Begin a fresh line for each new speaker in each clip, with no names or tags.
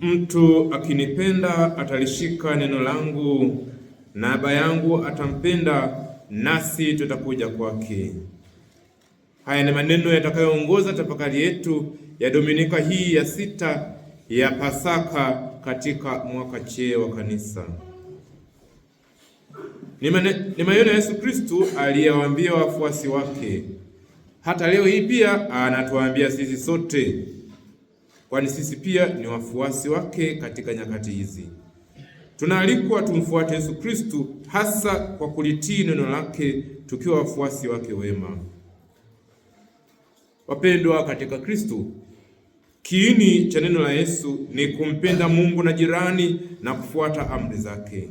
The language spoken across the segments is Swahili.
Mtu akinipenda atalishika neno langu, na Baba yangu atampenda, nasi tutakuja kwake. Haya ni maneno yatakayoongoza tafakari yetu ya Dominika hii ya sita ya Pasaka katika mwaka C wa Kanisa. Ni maneno ya Yesu Kristu aliyewaambia wafuasi wake. Hata leo hii pia anatuambia sisi sote kwani sisi pia ni wafuasi wake katika nyakati hizi. Tunaalikwa tumfuate Yesu Kristu hasa kwa kulitii neno lake tukiwa wafuasi wake wema. Wapendwa katika Kristu, kiini cha neno la Yesu ni kumpenda Mungu na jirani na kufuata amri zake.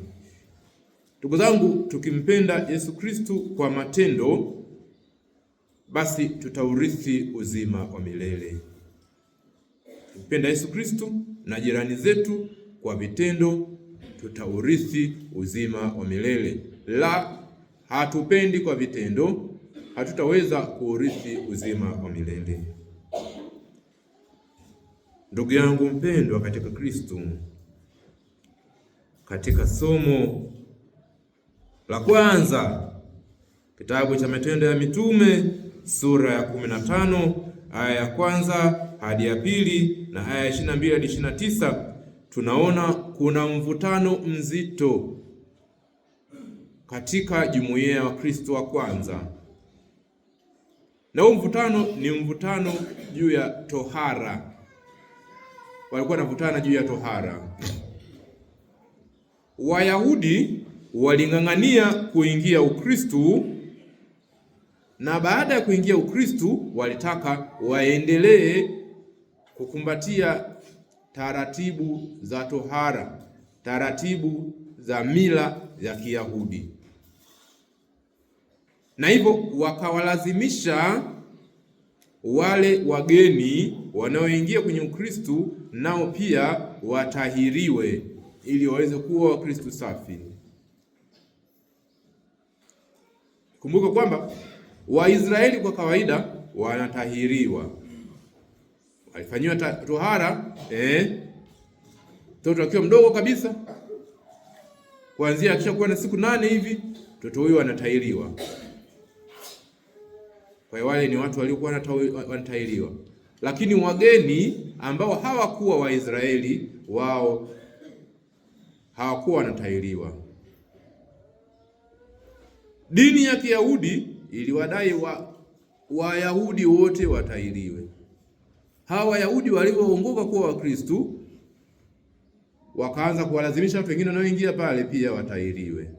Ndugu zangu, tukimpenda Yesu Kristu kwa matendo, basi tutaurithi uzima wa milele kupenda Yesu Kristo na jirani zetu kwa vitendo, tutaurithi uzima wa milele. La hatupendi kwa vitendo, hatutaweza kuurithi uzima wa milele. Ndugu yangu mpendwa katika Kristo, katika somo la kwanza kitabu cha Matendo ya Mitume sura ya kumi na tano aya ya kwanza hadi ya pili na aya ya hadi tisa tunaona kuna mvutano mzito katika jumuiya ya Wakristo wa kwanza, na huu mvutano ni mvutano juu ya tohara. Walikuwa wanavutana juu ya tohara. Wayahudi waling'ang'ania kuingia Ukristu na baada ya kuingia Ukristu walitaka waendelee kukumbatia taratibu za tohara, taratibu za mila ya Kiyahudi, na hivyo wakawalazimisha wale wageni wanaoingia kwenye Ukristo nao pia watahiriwe ili waweze kuwa Wakristo safi. Kumbuka kwamba Waisraeli kwa kawaida wanatahiriwa alifanyiwa tohara eh? mtoto akiwa mdogo kabisa, kuanzia akishakuwa na siku nane hivi mtoto huyo anatahiriwa. Kwa hiyo wale ni watu waliokuwa wanatahiriwa, lakini wageni ambao hawakuwa Waisraeli wao hawakuwa wanatahiriwa. Dini ya Kiyahudi iliwadai Wayahudi wote watahiriwe hawa Wayahudi walivyoongoka kuwa Wakristu, wakaanza kuwalazimisha watu wengine wanaoingia pale pia watahiriwe.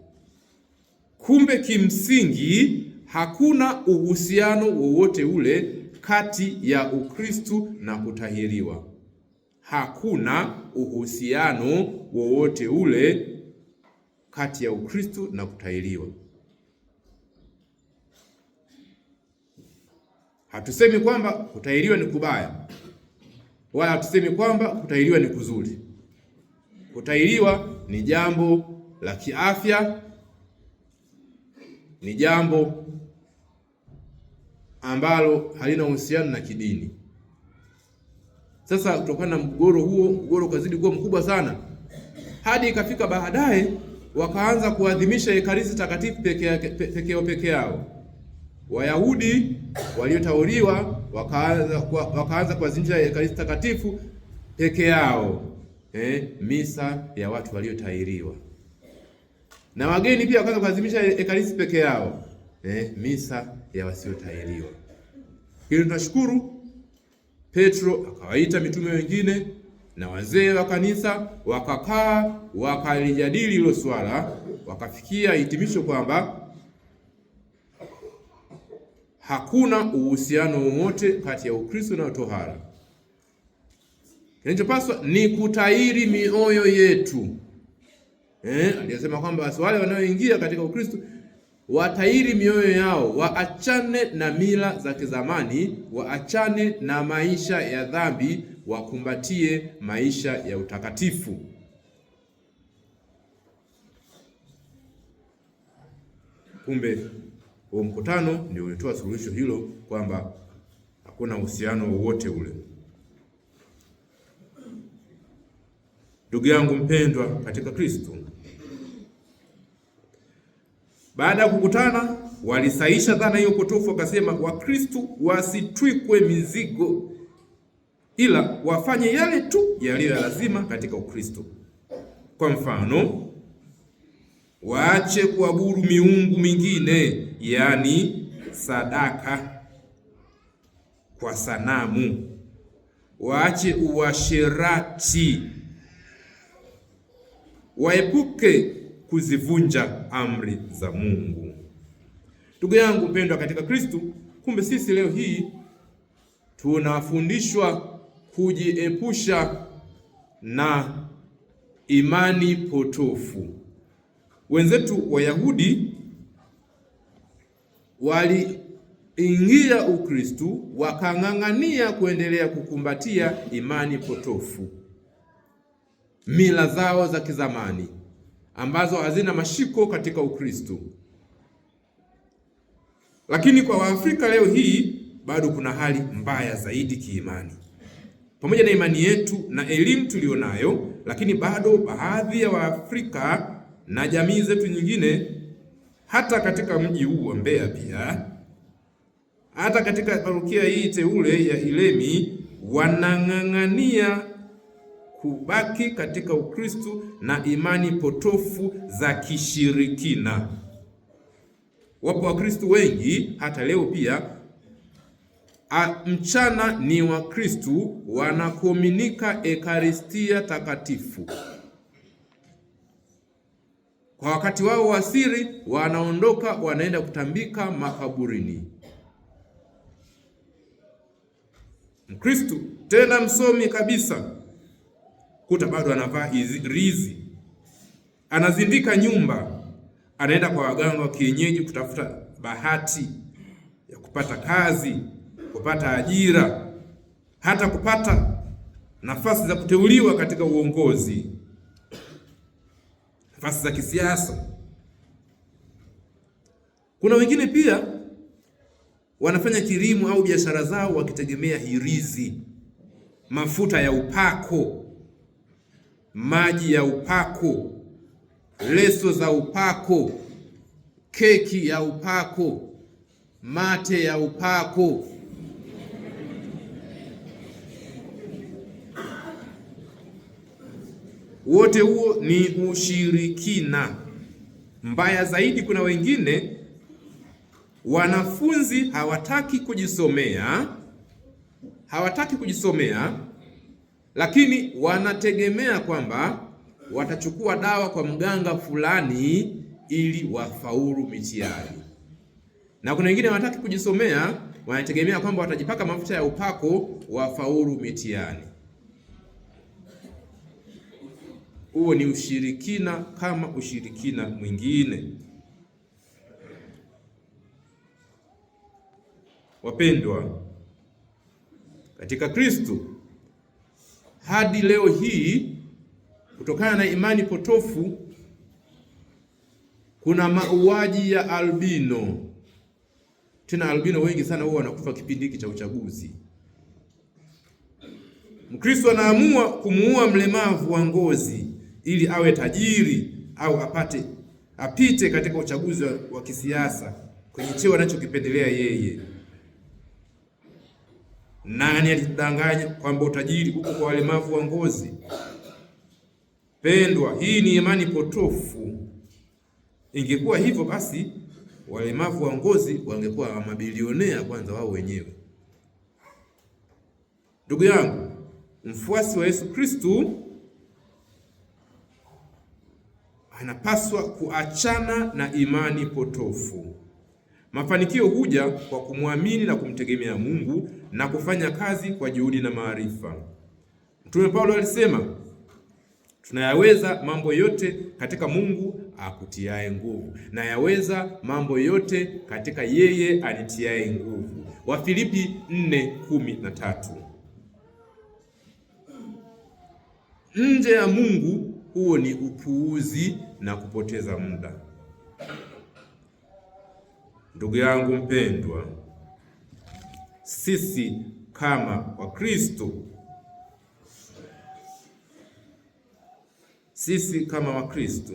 Kumbe kimsingi hakuna uhusiano wowote ule kati ya Ukristu na kutahiriwa. Hakuna uhusiano wowote ule kati ya Ukristu na kutahiriwa. Hatusemi kwamba kutahiriwa ni kubaya, wala hatusemi kwamba kutahiriwa ni kuzuri. Kutahiriwa ni jambo la kiafya, ni jambo ambalo halina uhusiano na kidini. Sasa kutokana na mgogoro huo, mgogoro ukazidi kuwa mkubwa sana, hadi ikafika baadaye wakaanza kuadhimisha Ekaristi takatifu peke yao peke yao Wayahudi waliotawaliwa wakaanza wakaanza kuadhimisha Ekaristi Takatifu peke yao, eh, misa ya watu waliotahiriwa, na wageni pia wakaanza kuadhimisha Ekaristi peke yao, eh, misa ya wasiotahiriwa. Hili tunashukuru. Petro akawaita mitume wengine na wazee wa kanisa, wakakaa wakalijadili hilo swala, wakafikia hitimisho kwamba hakuna uhusiano wowote kati ya Ukristo na tohara. Kinachopaswa ni kutahiri mioyo yetu eh, aliyosema kwamba basi wale wanaoingia katika Ukristo watahiri mioyo yao, waachane na mila za kizamani, waachane na maisha ya dhambi, wakumbatie maisha ya utakatifu. Kumbe huo mkutano ndio ulitoa suluhisho hilo kwamba hakuna uhusiano wowote ule. Ndugu yangu mpendwa katika Kristo, baada ya kukutana walisaisha dhana hiyo potofu, wakasema Wakristo wasitwikwe mizigo, ila wafanye yale tu yaliyo ya lazima katika Ukristo. Kwa mfano waache kuabudu miungu mingine, yaani sadaka kwa sanamu, waache uasherati, waepuke kuzivunja amri za Mungu. Ndugu yangu mpendwa katika Kristo, kumbe sisi leo hii tunafundishwa kujiepusha na imani potofu wenzetu Wayahudi waliingia ukristu wakang'ang'ania kuendelea kukumbatia imani potofu, mila zao za kizamani ambazo hazina mashiko katika ukristu Lakini kwa Waafrika leo hii bado kuna hali mbaya zaidi kiimani. Pamoja na imani yetu na elimu tuliyonayo, lakini bado baadhi ya Waafrika na jamii zetu nyingine, hata katika mji huu wa Mbeya pia, hata katika parokia hii teule ya Ilemi wanang'ang'ania kubaki katika Ukristo na imani potofu za kishirikina. Wapo Wakristo wengi hata leo pia a, mchana ni Wakristo wanakominika Ekaristia takatifu kwa wakati wao wa siri wanaondoka wanaenda kutambika makaburini. Mkristo tena msomi kabisa, kuta bado anavaa rizi, anazindika nyumba, anaenda kwa waganga wa kienyeji kutafuta bahati ya kupata kazi, kupata ajira, hata kupata nafasi za kuteuliwa katika uongozi nafasi za kisiasa. Kuna wengine pia wanafanya kilimo au biashara zao wakitegemea hirizi, mafuta ya upako, maji ya upako, leso za upako, keki ya upako, mate ya upako wote huo ni ushirikina. Mbaya zaidi, kuna wengine wanafunzi hawataki kujisomea, hawataki kujisomea, lakini wanategemea kwamba watachukua dawa kwa mganga fulani ili wafaulu mitihani. Na kuna wengine wanataka kujisomea, wanategemea kwamba watajipaka mafuta ya upako wafaulu mitihani. huo ni ushirikina kama ushirikina mwingine. Wapendwa katika Kristo, hadi leo hii, kutokana na imani potofu, kuna mauaji ya albino. Tena albino wengi sana huwa wanakufa kipindi hiki cha uchaguzi. Mkristo anaamua kumuua mlemavu wa ngozi ili awe tajiri au apate apite katika uchaguzi wa kisiasa kwenye cheo anachokipendelea yeye. Nani alidanganya kwamba utajiri huko kwa walemavu wa ngozi? Pendwa, hii ni imani potofu. Ingekuwa hivyo basi, walemavu wa ngozi wangekuwa mabilionea kwanza wao wenyewe. Ndugu yangu, mfuasi wa Yesu Kristu anapaswa kuachana na imani potofu. Mafanikio huja kwa kumwamini na kumtegemea Mungu na kufanya kazi kwa juhudi na maarifa. Mtume Paulo alisema tunayaweza mambo yote katika Mungu akutiaye nguvu, na yaweza mambo yote katika yeye anitiaye nguvu, Wafilipi 4:13. Nje ya Mungu huo ni upuuzi na kupoteza muda. Ndugu yangu mpendwa, sisi kama Wakristo, sisi kama Wakristo,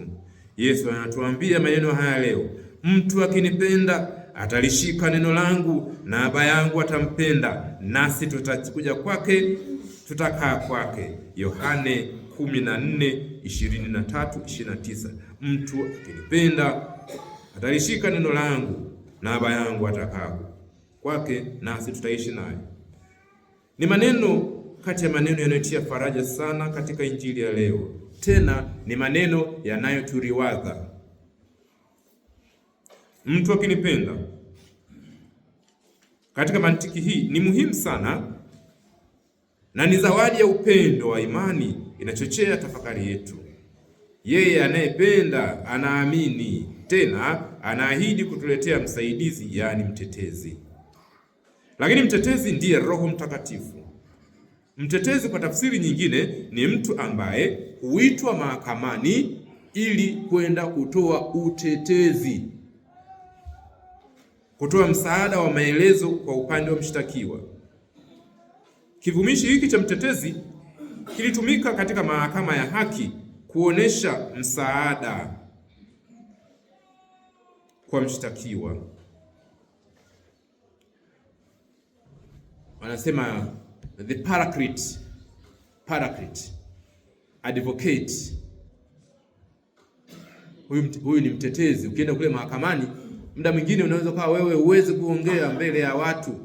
Yesu anatuambia maneno haya leo, mtu akinipenda atalishika neno langu na Baba yangu atampenda, nasi tutakuja kwake, tutakaa kwake. Yohane 14 23, mtu akinipenda atalishika neno langu na Baba yangu atakaa kwake nasi tutaishi naye. Ni maneno kati ya maneno yanayotia faraja sana katika injili ya leo, tena ni maneno yanayoturiwaza. Mtu akinipenda, katika mantiki hii ni muhimu sana na ni zawadi ya upendo wa imani inachochea tafakari yetu. Yeye anayependa anaamini, tena anaahidi kutuletea msaidizi, yaani mtetezi. Lakini mtetezi ndiye Roho Mtakatifu. Mtetezi kwa tafsiri nyingine ni mtu ambaye huitwa mahakamani ili kwenda kutoa utetezi, kutoa msaada wa maelezo kwa upande wa mshtakiwa. Kivumishi hiki cha mtetezi kilitumika katika mahakama ya haki kuonesha msaada kwa mshtakiwa. Wanasema the paraclete, paraclete advocate. Huyu, huyu ni mtetezi. Ukienda kule mahakamani, muda mwingine unaweza kuwa wewe huwezi kuongea mbele ya watu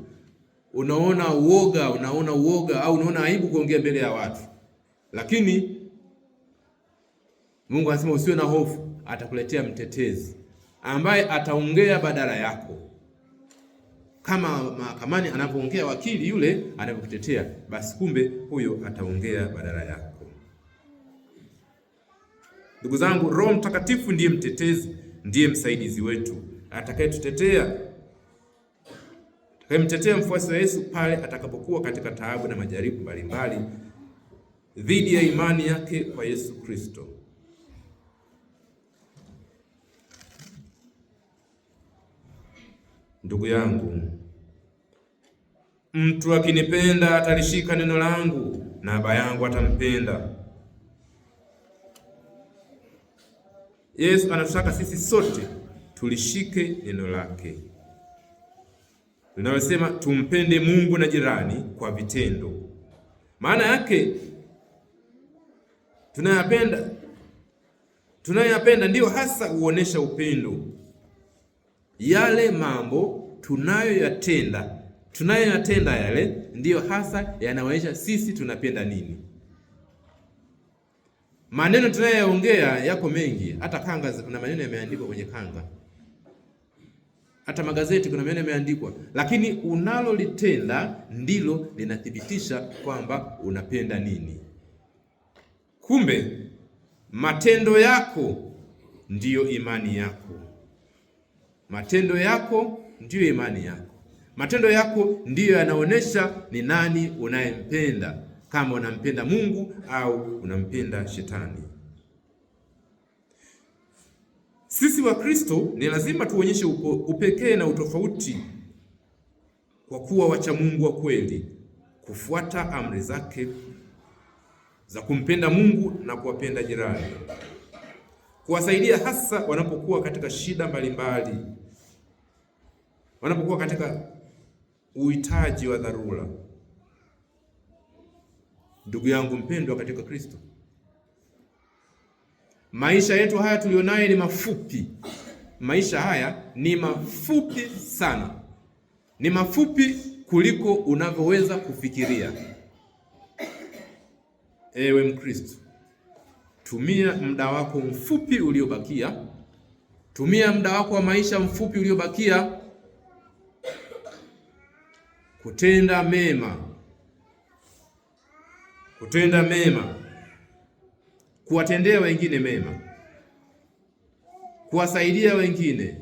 unaona uoga, unaona uoga au unaona aibu kuongea mbele ya watu, lakini Mungu anasema usiwe na hofu, atakuletea mtetezi ambaye ataongea badala yako, kama mahakamani anapoongea wakili yule anapokutetea, basi kumbe huyo ataongea badala yako. Ndugu zangu, Roho Mtakatifu ndiye mtetezi, ndiye msaidizi wetu atakayetutetea Kamtetee mfuasi wa Yesu pale atakapokuwa katika taabu na majaribu mbalimbali dhidi ya imani yake kwa Yesu Kristo. Ndugu yangu, mtu akinipenda atalishika neno langu na Baba yangu atampenda. Yesu anataka sisi sote tulishike neno lake linalosema tumpende Mungu na jirani kwa vitendo. Maana yake tunayapenda, tunayapenda ndiyo hasa huonesha upendo, yale mambo tunayoyatenda tunayoyatenda yale ndiyo hasa yanaonyesha sisi tunapenda nini. Maneno tunayoyaongea yako mengi, hata kanga kuna maneno yameandikwa kwenye kanga hata magazeti kuna maneno yameandikwa, lakini unalolitenda ndilo linathibitisha kwamba unapenda nini. Kumbe matendo yako ndiyo imani yako, matendo yako ndiyo imani yako, matendo yako ndiyo yanaonyesha ni nani unayempenda, kama unampenda Mungu au unampenda Shetani. Sisi Wakristo ni lazima tuonyeshe upekee na utofauti kwa kuwa wacha Mungu wa kweli, kufuata amri zake za kumpenda Mungu na kuwapenda jirani, kuwasaidia hasa wanapokuwa katika shida mbalimbali, wanapokuwa katika uhitaji wa dharura. Ndugu yangu mpendwa katika Kristo Maisha yetu haya tulionayo ni mafupi, maisha haya ni mafupi sana, ni mafupi kuliko unavyoweza kufikiria. Ewe Mkristo, tumia muda wako mfupi uliobakia, tumia muda wako wa maisha mfupi uliobakia kutenda mema, kutenda mema kuwatendea wengine mema, kuwasaidia wengine,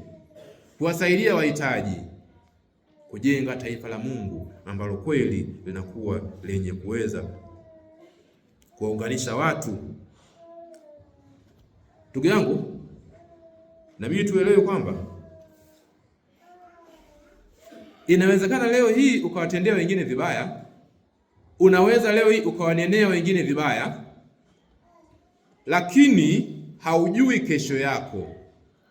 kuwasaidia wahitaji, kujenga taifa la Mungu ambalo kweli linakuwa lenye kuweza kuwaunganisha watu. Ndugu yangu, mimi tuelewe kwamba inawezekana leo hii ukawatendea wengine vibaya, unaweza leo hii ukawanenea wengine vibaya lakini haujui kesho yako,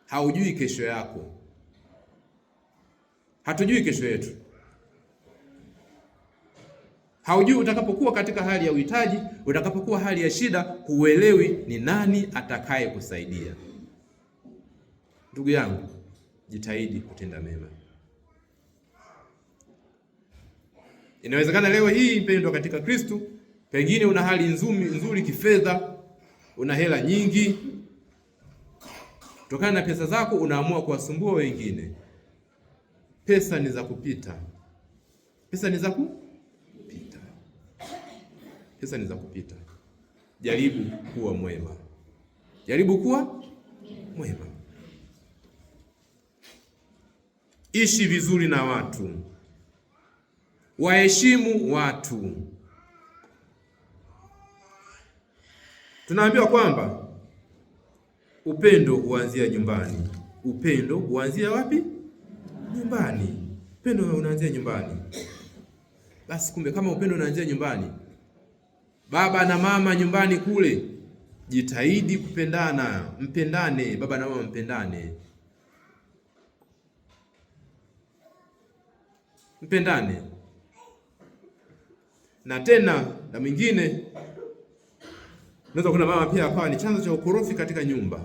haujui kesho yako. Hatujui kesho yetu, haujui utakapokuwa katika hali ya uhitaji, utakapokuwa hali ya shida, huelewi ni nani atakaye kusaidia. Ndugu yangu, jitahidi kutenda mema. Inawezekana leo hii mpendwa katika Kristo, pengine una hali nzuri, nzuri kifedha una hela nyingi, kutokana na pesa zako unaamua kuwasumbua wengine. Pesa ni za kupita, pesa ni za kupita, pesa ni za kupita. Jaribu kuwa mwema, jaribu kuwa mwema, ishi vizuri na watu, waheshimu watu Tunaambiwa kwamba upendo huanzia nyumbani. Upendo huanzia wapi? Nyumbani. Upendo unaanzia nyumbani. Basi kumbe, kama upendo unaanzia nyumbani, baba na mama nyumbani kule, jitahidi kupendana, mpendane, baba na mama mpendane, mpendane na tena na mwingine Unaweza kuna mama pia akawa ni chanzo cha ukorofi katika nyumba.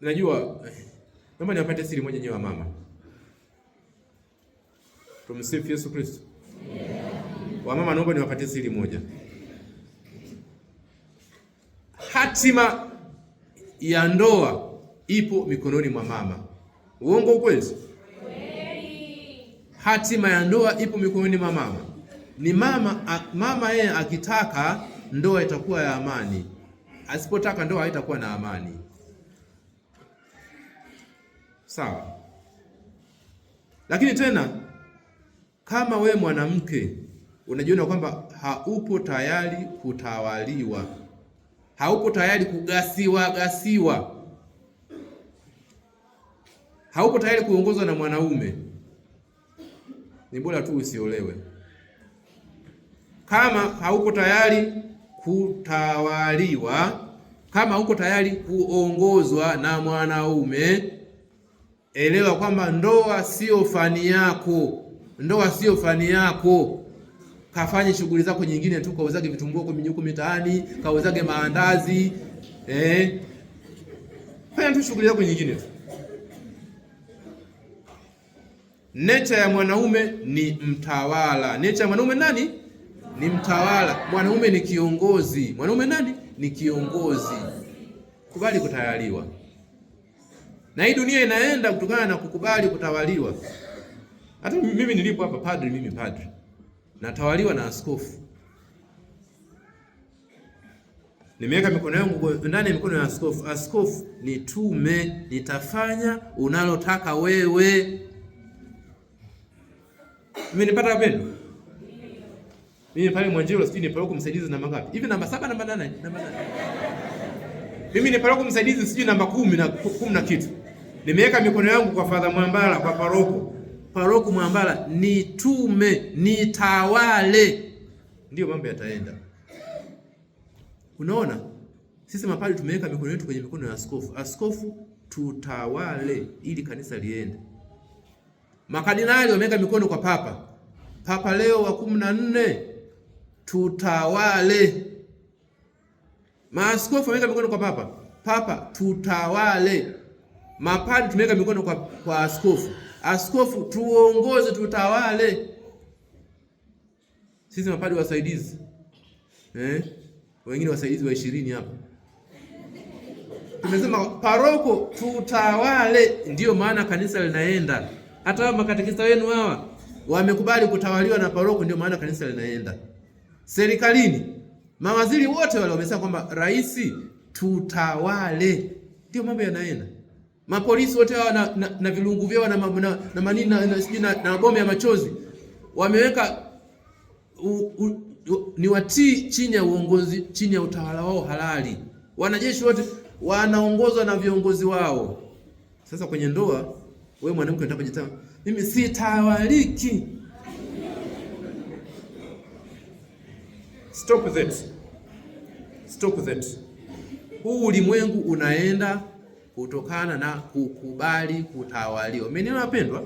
Najua naomba niwapate siri moja nyewe mama. Tumsifu Yesu Kristo. Wamama, naomba niwapatie siri moja. Hatima ya ndoa ipo mikononi mwa mama. Uongo kweli? Hatima ya ndoa ipo mikononi mwa mama. Ni mama yeye mama akitaka ndoa itakuwa ya amani. Asipotaka ndoa haitakuwa na amani. Sawa. Lakini tena kama we mwanamke unajiona kwamba haupo tayari kutawaliwa, haupo tayari kugasiwa gasiwa, haupo tayari kuongozwa na mwanaume, ni bora tu usiolewe. Kama haupo tayari kutawaliwa, kama uko tayari kuongozwa na mwanaume, elewa kwamba ndoa sio fani yako, ndoa sio fani yako. Kafanye shughuli zako nyingine tu, kauzage vitumbua kwa minyuko mitaani, kauzage maandazi eh. Fanya tu shughuli zako nyingine tu. Necha ya mwanaume ni mtawala. Necha ya mwanaume nani? ni mtawala, mwanaume ni kiongozi. Mwanaume nani? Ni kiongozi. Kubali kutawaliwa, na hii dunia inaenda kutokana na kukubali kutawaliwa. Hata mimi nilipo hapa padri, mimi padri natawaliwa na askofu, nimeweka mikono yangu ndani ya mikono ya askofu. Askofu ni tume, nitafanya unalotaka wewe. nipata wapendwa? Mimi pale Mwanjiro sijui ni paroko msaidizi namba ngapi? Hivi namba saba, namba nane, namba nane. Mimi ni paroko msaidizi sijui namba kumi na kumi na kitu. Nimeweka mikono yangu kwa Father Mwambala kwa paroko. Paroko Mwambala nitume, nitawale. Ndio mambo yataenda. Unaona? Sisi mapadri tumeweka mikono yetu kwenye mikono ya askofu. Askofu tutawale ili kanisa liende. Makadinali wameweka mikono kwa papa. Papa Leo wa kumi na nne tutawale. Maaskofu wameweka mikono kwa papa, papa tutawale. Mapadri tumeweka mikono kwa, kwa askofu, askofu tuongoze, tutawale. Sisi mapadri wasaidizi eh? Wengine wasaidizi wa ishirini hapa tumesema paroko tutawale. Ndiyo maana kanisa linaenda. Hata makatekista wenu hawa wamekubali kutawaliwa na paroko, ndio maana kanisa linaenda serikalini, mawaziri wote wale wamesema kwamba rais, tutawale. Ndio mambo yanaenda. Mapolisi wote hawa na, na, na vilungu vyao na, na, na manini na, na, na mabomu ya machozi wameweka u, u, u, ni watii chini ya uongozi, chini ya utawala wao halali. Wanajeshi wote wanaongozwa na viongozi wao. Sasa kwenye ndoa, wewe mwanamke unataka kujitawala, mimi sitawaliki. Stop it. Stop it. Huu ulimwengu unaenda kutokana na kukubali kutawaliwa. Mimi napendwa,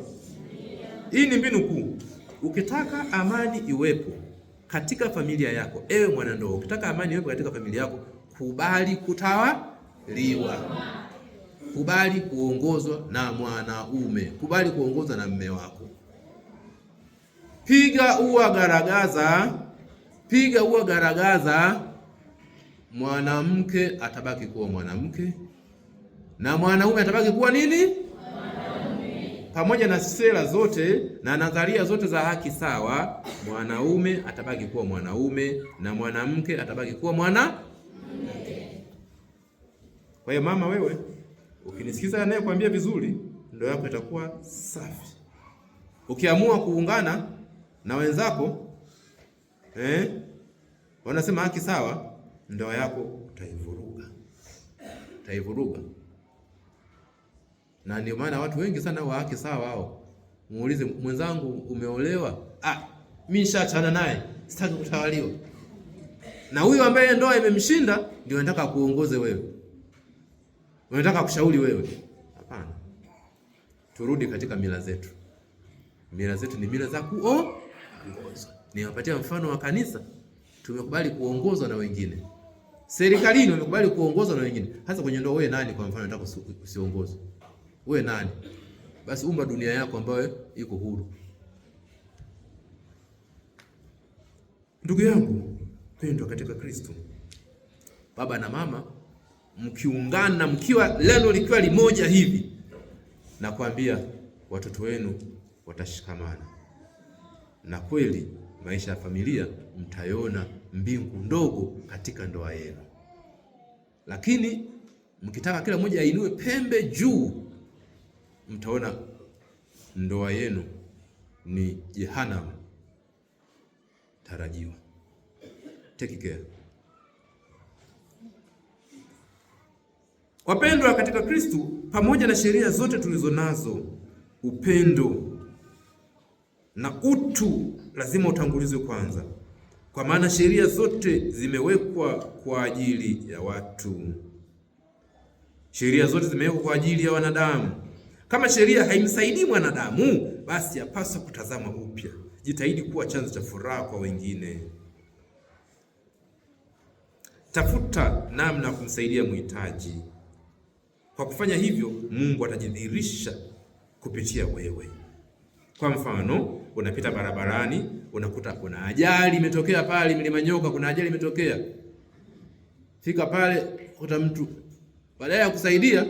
hii ni mbinu kuu. Ukitaka amani iwepo katika familia yako, ewe mwanandoa, ukitaka amani iwepo katika familia yako, kubali kutawaliwa, kubali kuongozwa na mwanaume, kubali kuongozwa na mme wako. Piga uwa garagaza Piga huo garagaza, mwanamke atabaki kuwa mwanamke na mwanaume atabaki kuwa nini? Mwanaume. Pamoja na sera zote na nadharia zote za haki sawa, mwanaume atabaki kuwa mwanaume na mwanamke atabaki kuwa mwana. Kwa hiyo mama, wewe ukinisikiza anayekwambia vizuri, ndoa yako itakuwa safi. Ukiamua kuungana na wenzako eh, Wanasema haki sawa, ndoa yako utaivuruga, utaivuruga. Na ndio maana watu wengi sana wa haki sawa hao, muulize mwenzangu, umeolewa? Ah, mimi nishachana naye, sitaki kutawaliwa na huyu ambaye ndoa imemshinda. Ndio anataka kuongoze wewe, unataka kushauri wewe? Hapana, turudi katika mila zetu. Mila zetu ni mila za kuongoza. Niwapatia mfano wa kanisa tumekubali kuongozwa na wengine. Serikalini wamekubali kuongozwa na wengine. Hasa kwenye ndoa, wewe nani kwa mfano unataka usiongozwe? Wewe nani? Basi umba dunia yako ambayo iko huru. Ndugu yangu pendwa katika Kristo, baba na mama mkiungana, mkiwa leno likiwa limoja hivi, nakwambia watoto wenu watashikamana, na kweli maisha ya familia mtayona mbingu ndogo katika ndoa yenu. Lakini mkitaka kila mmoja ainue pembe juu, mtaona ndoa yenu ni jehanamu tarajiwa. Take care. Wapendwa katika kristu pamoja na sheria zote tulizo nazo, upendo na utu lazima utangulizwe kwanza kwa maana sheria zote zimewekwa kwa ajili ya watu. Sheria zote zimewekwa kwa ajili ya wanadamu. Kama sheria haimsaidii mwanadamu, basi yapaswa kutazama upya. Jitahidi kuwa chanzo cha furaha kwa wengine. Tafuta namna ya kumsaidia mhitaji. Kwa kufanya hivyo, Mungu atajidhihirisha kupitia wewe. Kwa mfano, unapita barabarani unakuta kuna ajali imetokea pale Mlima Nyoka, kuna ajali imetokea. Fika pale kuta mtu baadaye ya kusaidia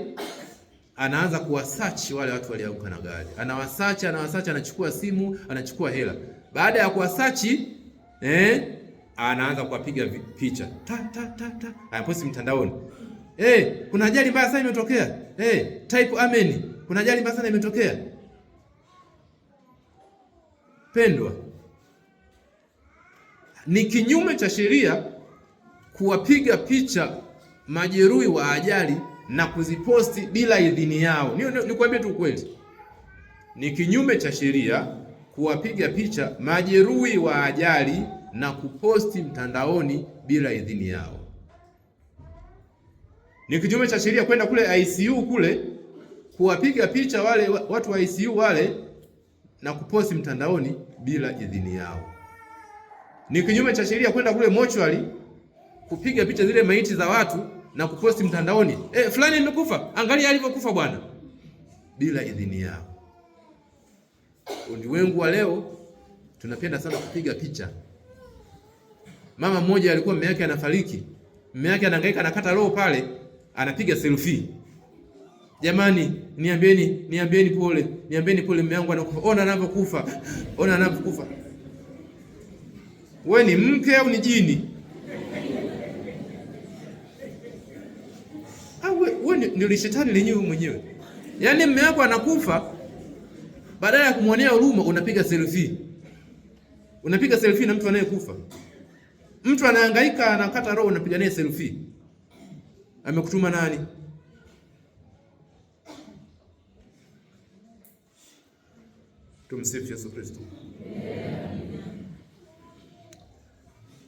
anaanza kuwasachi wale watu walioanguka na gari, anawasachi anawasachi, anachukua simu, anachukua hela. Baada ya kuwasachi eh, anaanza kuwapiga picha ta, ta, ta, ta, anaposti mtandaoni eh, kuna ajali mbaya sana imetokea eh, type amen, kuna ajali mbaya sana imetokea. Pendwa, ni kinyume cha sheria kuwapiga picha majeruhi wa ajali na kuziposti bila idhini yao. Nikwambie tu kweli ni kinyume cha sheria kuwapiga picha majeruhi wa ajali na kuposti mtandaoni bila idhini yao. Ni kinyume cha sheria kwenda kule ICU kule kuwapiga picha wale watu wa ICU wale na kuposti mtandaoni bila idhini yao. Ni kinyume cha sheria kwenda kule mochwali kupiga picha zile maiti za watu na kuposti mtandaoni, eh, fulani amekufa, angalia alivyokufa bwana, bila idhini yao. Ulimwengu wa leo tunapenda sana kupiga picha. Mama mmoja alikuwa mume wake anafariki, mume wake anahangaika, anakata roho pale, anapiga selfie. Jamani, niambieni, niambieni pole, niambieni pole, mume wangu anakufa, ona anavyokufa, ona anavyokufa wewe ni mke au ni jini? Wewe ah, ni ni shetani lenyewe mwenyewe. Yaani mume wako anakufa, badala ya kumwonea huruma unapiga selfie, unapiga selfie na mtu anayekufa. Mtu anahangaika anakata roho, unapiga naye selfie. Amekutuma nani? Tumsifu Yesu Kristo. Yeah.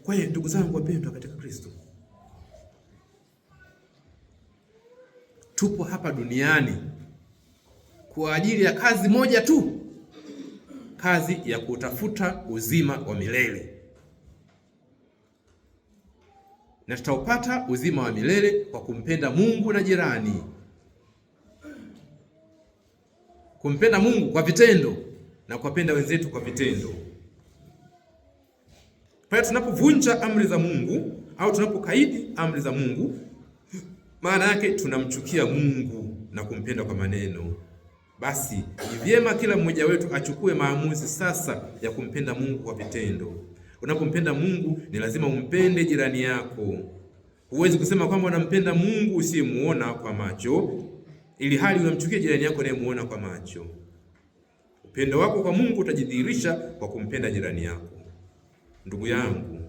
Kwa hiyo ndugu zangu wapendwa katika Kristo, tupo hapa duniani kwa ajili ya kazi moja tu, kazi ya kutafuta uzima wa milele na tutaupata uzima wa milele kwa kumpenda Mungu na jirani. Kumpenda Mungu kwa vitendo na kuwapenda wenzetu kwa vitendo. Kwa hiyo tunapovunja amri za Mungu au tunapokaidi amri za Mungu, maana yake tunamchukia Mungu na kumpenda kwa maneno. Basi ni vyema kila mmoja wetu achukue maamuzi sasa ya kumpenda Mungu kwa vitendo. Unapompenda Mungu ni lazima umpende jirani yako. Huwezi kusema kwamba unampenda Mungu usiyemuona kwa macho, ili hali unamchukia jirani yako unayemuona kwa macho. Upendo wako kwa Mungu utajidhihirisha kwa kumpenda jirani yako. Ndugu yangu,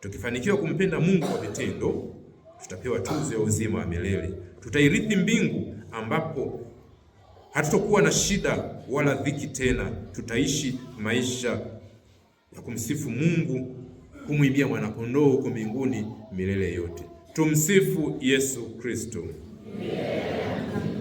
tukifanikiwa kumpenda Mungu kwa vitendo, tutapewa tuzo ya uzima wa milele, tutairithi mbingu ambapo hatutokuwa na shida wala dhiki tena. Tutaishi maisha ya kumsifu Mungu, kumwimbia mwanakondoo huko mbinguni milele yote. Tumsifu Yesu Kristo, yeah.